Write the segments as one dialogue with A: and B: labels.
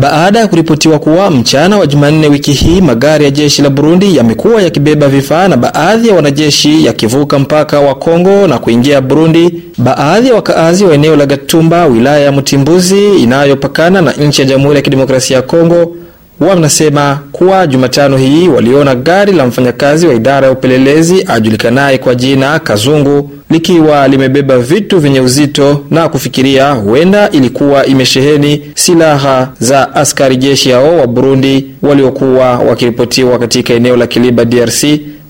A: baada ya kuripotiwa kuwa mchana wa Jumanne wiki hii magari ya jeshi la Burundi yamekuwa yakibeba vifaa na baadhi ya wanajeshi yakivuka mpaka wa Kongo na kuingia Burundi. Baadhi ya wakaazi wa eneo la Gatumba, wilaya ya Mtimbuzi inayopakana na nchi ya Jamhuri ya Kidemokrasia ya Kongo, wanasema kuwa Jumatano hii waliona gari la mfanyakazi wa idara ya upelelezi ajulikanaye kwa jina Kazungu likiwa limebeba vitu vyenye uzito na kufikiria huenda ilikuwa imesheheni silaha za askari jeshi hao wa Burundi waliokuwa wakiripotiwa katika eneo la Kiliba DRC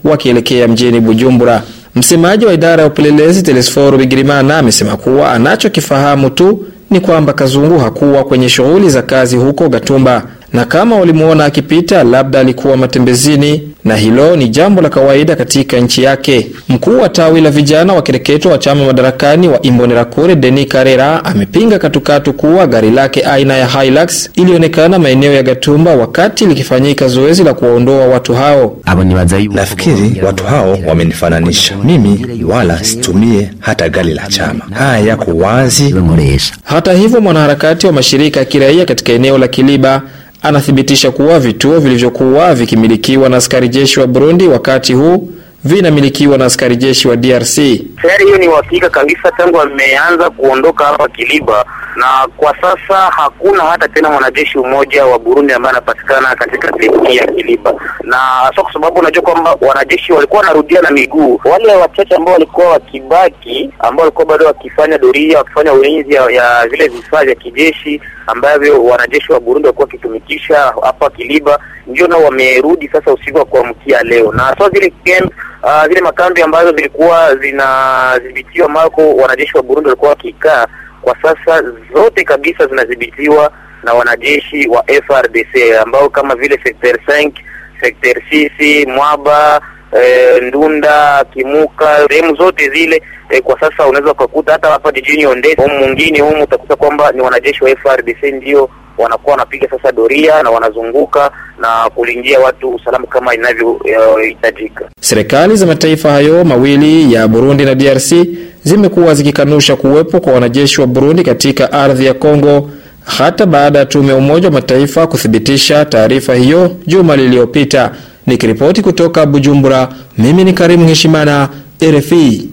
A: wakielekea mjini Bujumbura. Msemaji wa idara ya upelelezi Telesforo Bigirimana amesema kuwa anachokifahamu tu ni kwamba Kazungu hakuwa kwenye shughuli za kazi huko Gatumba, na kama walimwona akipita, labda alikuwa matembezini na hilo ni jambo la kawaida katika nchi yake. Mkuu wa tawi la vijana wa kereketo wa chama madarakani wa Imbonerakure Deni Karera amepinga katukatu kuwa gari lake aina ya Hilux ilionekana maeneo ya Gatumba wakati likifanyika zoezi la kuwaondoa watu hao. Nafikiri watu hao wamenifananisha mimi, wala situmie hata gari la chama, haya yako wazi. Hata hivyo, mwanaharakati wa mashirika ya kiraia katika eneo la Kiliba anathibitisha kuwa vituo vilivyokuwa vikimilikiwa na askari jeshi wa Burundi wakati huu vinamilikiwa na askari jeshi wa DRC.
B: Tayari hiyo ni uhakika kabisa, tangu ameanza kuondoka hapa Kiliba na kwa sasa hakuna hata tena mwanajeshi mmoja wa Burundi ambaye anapatikana katika sehemu ya Kiliba, na sio kwa sababu unajua kwamba wanajeshi walikuwa wanarudia na miguu. Wale wachache ambao walikuwa wakibaki, ambao walikuwa bado wakifanya doria, wakifanya ulinzi ya, ya vile vifaa vya kijeshi ambavyo wanajeshi wa Burundi walikuwa wakitumikisha hapa Kiliba, ndio nao wamerudi sasa usiku wa kuamkia leo, na sio zile camp uh, makambi ambazo zilikuwa zinadhibitiwa mako wanajeshi wa Burundi walikuwa wakikaa kwa sasa zote kabisa zinadhibitiwa na wanajeshi wa FRDC ambao kama vile sector 5, sector 6, Mwaba E, Ndunda, Kimuka, sehemu zote zile e, kwa sasa unaweza ukakuta hata hapa jijini Ondesi, mwingine humu utakuta kwamba ni wanajeshi wa FRDC ndio wanakuwa wanapiga sasa doria na wanazunguka na kulingia watu usalama kama inavyohitajika.
A: Uh, serikali za mataifa hayo mawili ya Burundi na DRC zimekuwa zikikanusha kuwepo kwa wanajeshi wa Burundi katika ardhi ya Kongo hata baada ya tume ya Umoja wa Mataifa kuthibitisha taarifa hiyo juma lililopita. Nikiripoti kutoka Bujumbura, mimi ni Karimu Heshimana, RFI.